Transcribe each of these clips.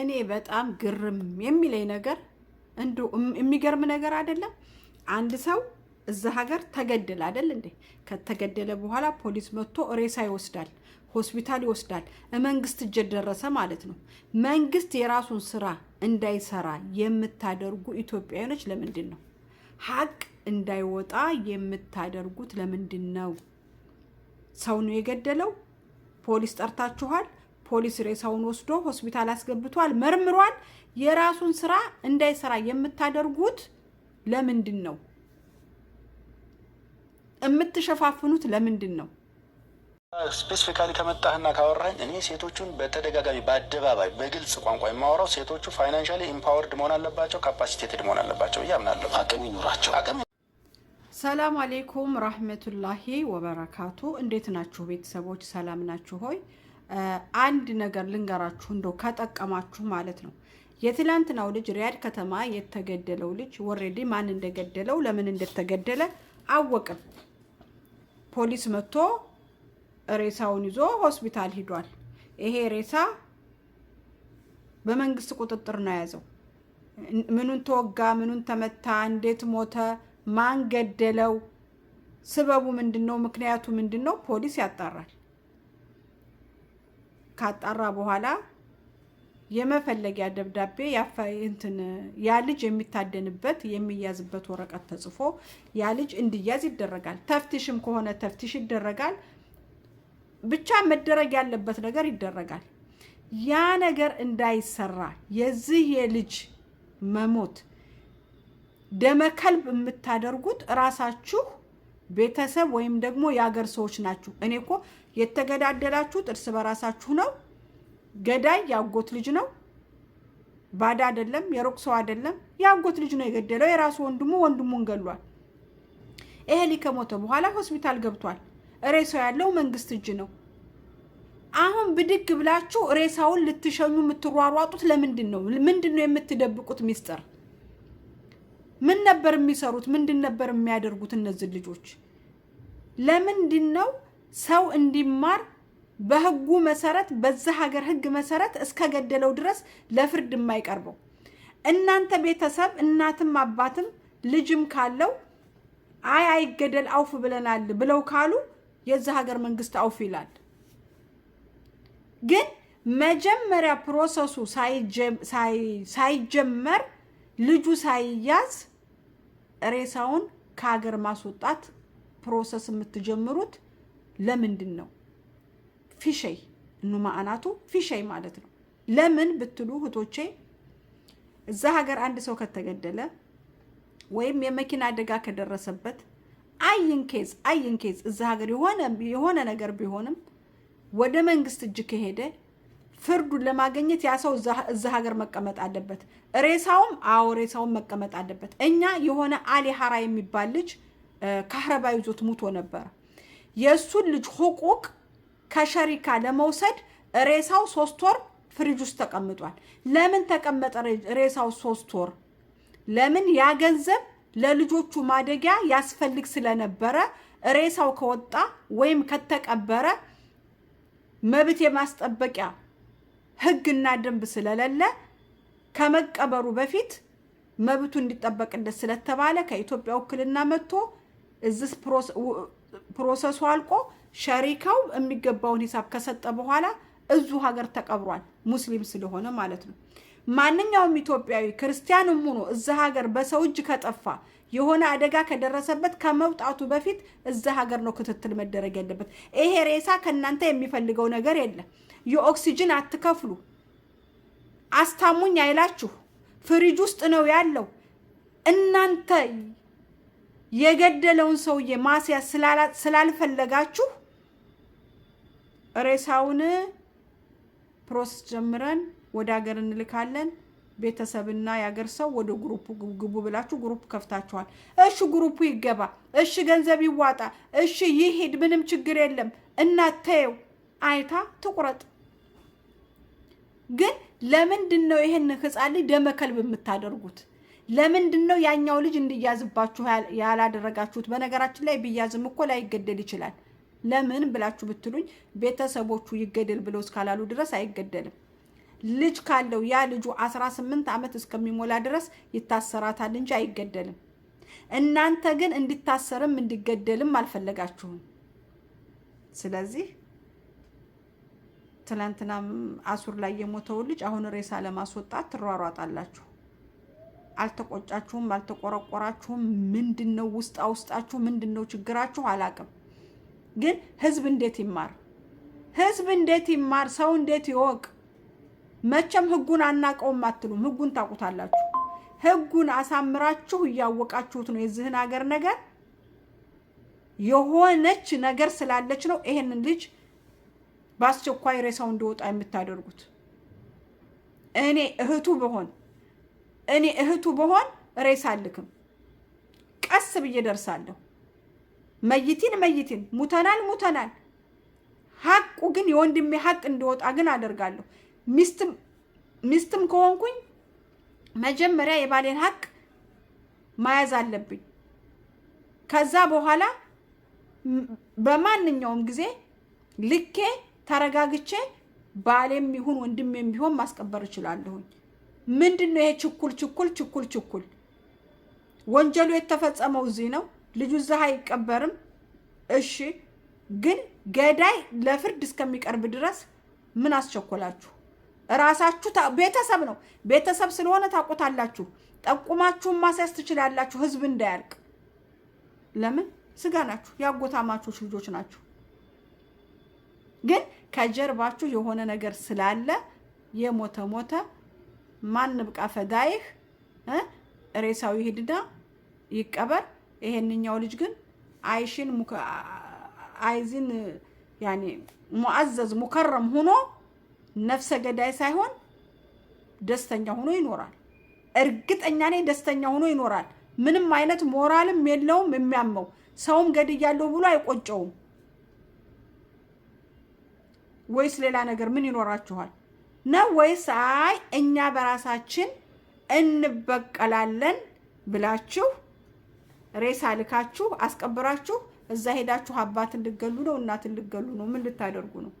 እኔ በጣም ግርም የሚለኝ ነገር እንዱ የሚገርም ነገር አይደለም። አንድ ሰው እዛ ሀገር ተገደለ አይደል እንዴ? ከተገደለ በኋላ ፖሊስ መጥቶ ሬሳ ይወስዳል፣ ሆስፒታል ይወስዳል። መንግስት እጅ ደረሰ ማለት ነው። መንግስት የራሱን ስራ እንዳይሰራ የምታደርጉ ኢትዮጵያውያኖች ለምንድን ነው? ሀቅ እንዳይወጣ የምታደርጉት ለምንድን ነው? ሰው ነው የገደለው፣ ፖሊስ ጠርታችኋል ፖሊስ ሬሳውን ወስዶ ሆስፒታል አስገብቷል፣ መርምሯል። የራሱን ስራ እንዳይሰራ የምታደርጉት ለምንድን ነው? የምትሸፋፍኑት ለምንድን ነው? ስፔሲፊካሊ ከመጣህና ካወራኝ እኔ ሴቶቹን በተደጋጋሚ በአደባባይ በግልጽ ቋንቋ የማወራው ሴቶቹ ፋይናንሻሊ ኢምፓወርድ መሆን አለባቸው፣ ካፓሲቴትድ መሆን አለባቸው ብዬ አምናለሁ። አቅም ይኑራቸው። ሰላም አሌይኩም ራህመቱላሂ ወበረካቱ። እንዴት ናችሁ ቤተሰቦች? ሰላም ናችሁ ሆይ አንድ ነገር ልንገራችሁ እንደው ከጠቀማችሁ ማለት ነው። የትላንትናው ልጅ ሪያድ ከተማ የተገደለው ልጅ ወሬዲ ማን እንደገደለው ለምን እንደተገደለ አወቅም። ፖሊስ መጥቶ ሬሳውን ይዞ ሆስፒታል ሂዷል። ይሄ ሬሳ በመንግስት ቁጥጥር ነው የያዘው። ምኑን ተወጋ፣ ምኑን ተመታ፣ እንዴት ሞተ፣ ማን ገደለው፣ ስበቡ ምንድን ነው፣ ምክንያቱ ምንድን ነው ፖሊስ ያጣራል። ካጣራ በኋላ የመፈለጊያ ደብዳቤ እንትን ያ ልጅ የሚታደንበት የሚያዝበት ወረቀት ተጽፎ ያ ልጅ እንዲያዝ ይደረጋል። ተፍቲሽም ከሆነ ተፍቲሽ ይደረጋል። ብቻ መደረግ ያለበት ነገር ይደረጋል። ያ ነገር እንዳይሰራ የዚህ የልጅ መሞት ደመከልብ የምታደርጉት እራሳችሁ ቤተሰብ ወይም ደግሞ የአገር ሰዎች ናችሁ። እኔ እኮ የተገዳደላችሁት እርስ በራሳችሁ ነው። ገዳይ ያጎት ልጅ ነው። ባዳ አይደለም፣ የሩቅ ሰው አይደለም። ያጎት ልጅ ነው የገደለው። የራሱ ወንድሙ ወንድሙን ገሏል። ይሄ ከሞተ በኋላ ሆስፒታል ገብቷል። ሬሳው ያለው መንግስት እጅ ነው። አሁን ብድግ ብላችሁ ሬሳውን ልትሸኙ የምትሯሯጡት ለምንድን ነው? ምንድን ነው የምትደብቁት ሚስጥር? ምን ነበር የሚሰሩት? ምንድን ነበር የሚያደርጉት እነዚህ ልጆች? ለምንድን ነው ሰው እንዲማር በህጉ መሰረት በዛ ሀገር ህግ መሰረት እስከገደለው ድረስ ለፍርድ የማይቀርበው እናንተ ቤተሰብ እናትም አባትም ልጅም ካለው አይ አይገደል አውፍ ብለናል ብለው ካሉ የዛ ሀገር መንግስት አውፍ ይላል። ግን መጀመሪያ ፕሮሰሱ ሳይጀመር ልጁ ሳይያዝ ሬሳውን ከሀገር ማስወጣት ፕሮሰስ የምትጀምሩት ለምንድን ነው ፊሸይ ማዕናቱ ፊሸይ ማለት ነው። ለምን ብትሉ እህቶቼ እዛ ሀገር አንድ ሰው ከተገደለ ወይም የመኪና አደጋ ከደረሰበት አይንኬዝ አይንኬዝ እዛ ሀገር የሆነ ነገር ቢሆንም ወደ መንግስት እጅ ከሄደ ፍርዱን ለማግኘት ያ ሰው እዛ ሀገር መቀመጥ አለበት። ሬሳውም አዎ ሬሳውም መቀመጥ አለበት። እኛ የሆነ አሊ ሀራ የሚባል ልጅ ካህረባ ይዞት ሙቶ ነበር? የእሱን ልጅ ሁቁቅ ከሸሪካ ለመውሰድ ሬሳው ሶስት ወር ፍሪጅ ውስጥ ተቀምጧል። ለምን ተቀመጠ ሬሳው ሶስት ወር? ለምን ያ ገንዘብ ለልጆቹ ማደጊያ ያስፈልግ ስለነበረ ሬሳው ከወጣ ወይም ከተቀበረ መብት የማስጠበቂያ ህግና ደንብ ስለሌለ ከመቀበሩ በፊት መብቱ እንዲጠበቅለት ስለተባለ ከኢትዮጵያ ውክልና መጥቶ እዚህ ፕሮሰሱ አልቆ ሸሪካው የሚገባውን ሂሳብ ከሰጠ በኋላ እዙ ሀገር ተቀብሯል። ሙስሊም ስለሆነ ማለት ነው። ማንኛውም ኢትዮጵያዊ ክርስቲያንም ሆኖ እዛ ሀገር በሰው እጅ ከጠፋ የሆነ አደጋ ከደረሰበት ከመውጣቱ በፊት እዛ ሀገር ነው ክትትል መደረግ ያለበት። ይሄ ሬሳ ከእናንተ የሚፈልገው ነገር የለም። የኦክሲጅን አትከፍሉ፣ አስታሙኝ አይላችሁ፣ ፍሪጅ ውስጥ ነው ያለው እናንተ የገደለውን ሰውዬ ማስያዝ ስላልፈለጋችሁ ሬሳውን ፕሮሰስ ጀምረን ወደ ሀገር እንልካለን። ቤተሰብና የአገር ሰው ወደ ግሩፕ ግቡ ብላችሁ ግሩፕ ከፍታችኋል። እሺ ግሩፑ ይገባ፣ እሺ ገንዘብ ይዋጣ፣ እሺ ይሄድ፣ ምንም ችግር የለም። እናተየው አይታ ትቁረጥ። ግን ለምንድን ነው ይህን ህፃን ልጅ ደመከልብ የምታደርጉት? ለምንድን ነው ያኛው ልጅ እንዲያዝባችሁ ያላደረጋችሁት? በነገራችን ላይ ቢያዝም እኮ ላይገደል ይችላል። ለምን ብላችሁ ብትሉኝ ቤተሰቦቹ ይገደል ብለው እስካላሉ ድረስ አይገደልም። ልጅ ካለው ያ ልጁ 18 ዓመት እስከሚሞላ ድረስ ይታሰራታል እንጂ አይገደልም። እናንተ ግን እንዲታሰርም እንዲገደልም አልፈለጋችሁም። ስለዚህ ትናንትና አሱር ላይ የሞተውን ልጅ አሁን ሬሳ ለማስወጣት ትሯሯጣላችሁ። አልተቆጫችሁም፣ አልተቆረቆራችሁም። ምንድን ነው ውስጣ ውስጣችሁ ምንድን ነው ችግራችሁ? አላቅም። ግን ህዝብ እንዴት ይማር? ህዝብ እንዴት ይማር? ሰው እንዴት ይወቅ? መቼም ህጉን አናቀውም አትሉም። ህጉን ታውቁታላችሁ። ህጉን አሳምራችሁ እያወቃችሁት ነው። የዚህን ሀገር ነገር የሆነች ነገር ስላለች ነው ይሄንን ልጅ በአስቸኳይ ሬሳው እንዲወጣ የምታደርጉት። እኔ እህቱ በሆን? እኔ እህቱ በሆን ሬስ አልክም። ቀስ ብዬ ደርሳለሁ። መይቲን መይቲን ሙተናል ሙተናል። ሀቁ ግን የወንድሜ ሀቅ እንዲወጣ ግን አደርጋለሁ። ሚስትም ከሆንኩኝ መጀመሪያ የባሌን ሀቅ መያዝ አለብኝ። ከዛ በኋላ በማንኛውም ጊዜ ልኬ ተረጋግቼ ባሌም ይሁን ወንድሜም ቢሆን ማስቀበር እችላለሁኝ። ምንድን ነው ይሄ ችኩል ችኩል ችኩል ችኩል? ወንጀሉ የተፈጸመው እዚህ ነው። ልጁ እዚህ አይቀበርም። እሺ፣ ግን ገዳይ ለፍርድ እስከሚቀርብ ድረስ ምን አስቸኮላችሁ? እራሳችሁ ቤተሰብ ነው። ቤተሰብ ስለሆነ ታውቁታላችሁ። ጠቁማችሁን ማስያዝ ትችላላችሁ፣ ህዝብ እንዳያልቅ። ለምን ስጋ ናችሁ፣ የአጎታማቾች ልጆች ናችሁ። ግን ከጀርባችሁ የሆነ ነገር ስላለ የሞተ ሞተ ማን ብቃ ፈዳይህ ሬሳዊ ሂድዳ ይቀበር። ይሄንኛው ልጅ ግን አይሽን አይዚን ያኔ ሙዓዘዝ ሙከረም ሆኖ ነፍሰ ገዳይ ሳይሆን ደስተኛ ሆኖ ይኖራል። እርግጠኛ ነኝ ደስተኛ ሆኖ ይኖራል። ምንም አይነት ሞራልም የለውም። የሚያመው ሰውም ገድያለሁ ብሎ አይቆጨውም። ወይስ ሌላ ነገር ምን ይኖራችኋል? ነው ወይስ አይ እኛ በራሳችን እንበቀላለን ብላችሁ ሬሳ ልካችሁ አስቀብራችሁ እዛ ሄዳችሁ አባት ልገሉ ነው እናት ልገሉ ነው? ምን ልታደርጉ ነው?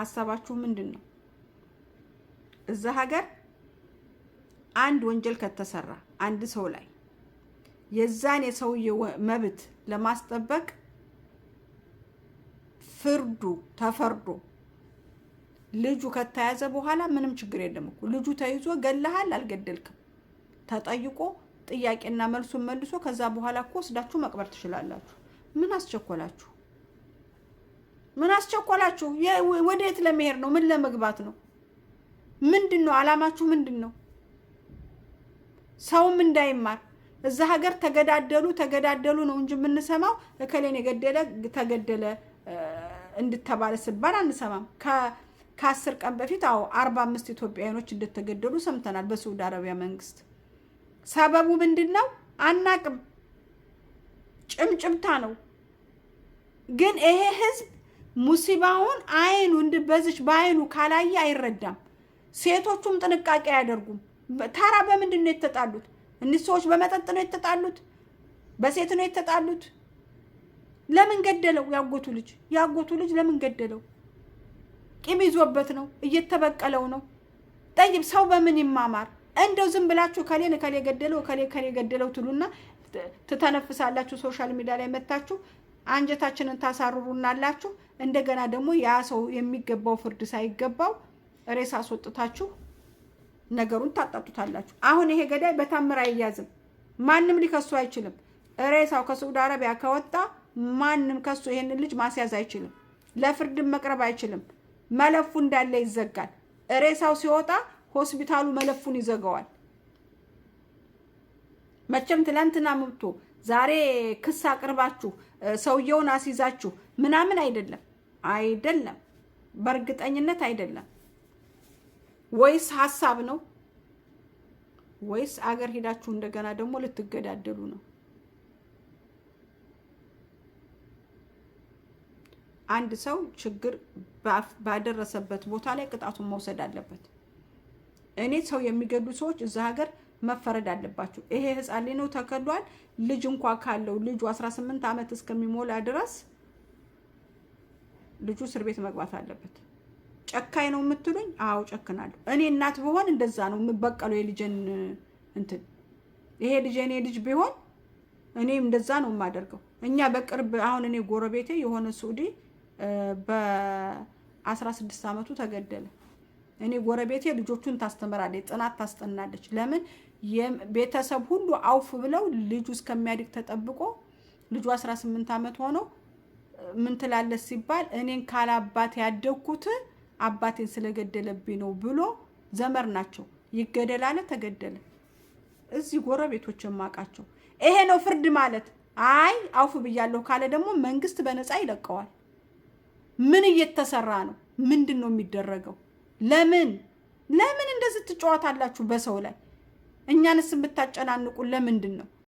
ሀሳባችሁ ምንድን ነው? እዛ ሀገር አንድ ወንጀል ከተሰራ አንድ ሰው ላይ የዛን የሰውዬ መብት ለማስጠበቅ ፍርዱ ተፈርዶ ልጁ ከተያዘ በኋላ ምንም ችግር የለም እኮ ልጁ ተይዞ ገለሃል አልገደልክም ተጠይቆ ጥያቄና መልሱን መልሶ ከዛ በኋላ እኮ ወስዳችሁ መቅበር ትችላላችሁ። ምን አስቸኮላችሁ? ምን አስቸኮላችሁ? ወደ የት ለመሄድ ነው? ምን ለመግባት ነው? ምንድን ነው አላማችሁ? ምንድን ነው? ሰውም እንዳይማር እዛ ሀገር ተገዳደሉ ተገዳደሉ ነው እንጂ የምንሰማው እከሌን የገደለ ተገደለ እንድተባለ ስባል አንሰማም። ከአስር ቀን በፊት አዎ አርባ አምስት ኢትዮጵያውያኖች እንደተገደሉ ሰምተናል በሳውዲ አረቢያ መንግስት። ሰበቡ ምንድን ነው አናቅም፣ ጭምጭምታ ነው። ግን ይሄ ህዝብ ሙሲባውን አይኑ እንድበዝች በአይኑ ካላየ አይረዳም። ሴቶቹም ጥንቃቄ አያደርጉም። ታራ በምንድን ነው የተጣሉት? እኒህ ሰዎች በመጠጥ ነው የተጣሉት? በሴት ነው የተጣሉት? ለምን ገደለው? ያጎቱ ልጅ ያጎቱ ልጅ ለምን ገደለው? ቂም ይዞበት ነው፣ እየተበቀለው ነው። ጠይብ ሰው በምን ይማማር? እንደው ዝም ብላችሁ ከሌን ከሌ ገደለው ከሌ ከሌ ገደለው ትሉና ትተነፍሳላችሁ። ሶሻል ሚዲያ ላይ መታችሁ አንጀታችንን ታሳርሩናላችሁ። እንደገና ደግሞ ያ ሰው የሚገባው ፍርድ ሳይገባው ሬሳ አስወጥታችሁ ነገሩን ታጣጡታላችሁ። አሁን ይሄ ገዳይ በታምር አይያዝም፣ ማንም ሊከሱ አይችልም። ሬሳው ከሳዑዲ አረቢያ ከወጣ ማንም ከሱ ይሄንን ልጅ ማስያዝ አይችልም፣ ለፍርድም መቅረብ አይችልም። መለፉ እንዳለ ይዘጋል። ሬሳው ሲወጣ ሆስፒታሉ መለፉን ይዘጋዋል። መቼም ትላንትና መብቶ ዛሬ ክስ አቅርባችሁ ሰውየውን አስይዛችሁ ምናምን አይደለም አይደለም፣ በእርግጠኝነት አይደለም። ወይስ ሀሳብ ነው? ወይስ አገር ሄዳችሁ እንደገና ደግሞ ልትገዳደሉ ነው? አንድ ሰው ችግር ባደረሰበት ቦታ ላይ ቅጣቱን መውሰድ አለበት። እኔ ሰው የሚገዱ ሰዎች እዛ ሀገር መፈረድ አለባቸው። ይሄ ህፃን ነው ተከዷል። ልጅ እንኳ ካለው ልጁ 18 ዓመት እስከሚሞላ ድረስ ልጁ እስር ቤት መግባት አለበት። ጨካኝ ነው የምትሉኝ? አዎ ጨክናለሁ። እኔ እናት ብሆን እንደዛ ነው የምበቀለው የልጄን እንትን። ይሄ ልጅ እኔ ልጅ ቢሆን እኔም እንደዛ ነው የማደርገው። እኛ በቅርብ አሁን እኔ ጎረቤቴ የሆነ ሱዲ በ16 ዓመቱ ተገደለ። እኔ ጎረቤቴ ልጆቹን ታስተምራለች፣ ጥናት ታስጠናለች። ለምን ቤተሰብ ሁሉ አውፍ ብለው ልጁ እስከሚያድግ ተጠብቆ ልጁ 18 ዓመት ሆኖ ምን ትላለች ሲባል እኔን ካላባት ያደግኩት አባቴን ስለገደለብኝ ነው ብሎ ዘመር ናቸው ይገደላለ ተገደለ። እዚህ ጎረቤቶች የማውቃቸው ይሄ ነው ፍርድ ማለት። አይ አውፍ ብያለሁ ካለ ደግሞ መንግስት በነፃ ይለቀዋል። ምን እየተሰራ ነው? ምንድን ነው የሚደረገው? ለምን ለምን እንደዚህ ትጫወታላችሁ በሰው ላይ? እኛንስ የምታጨናንቁ ለምንድን ነው?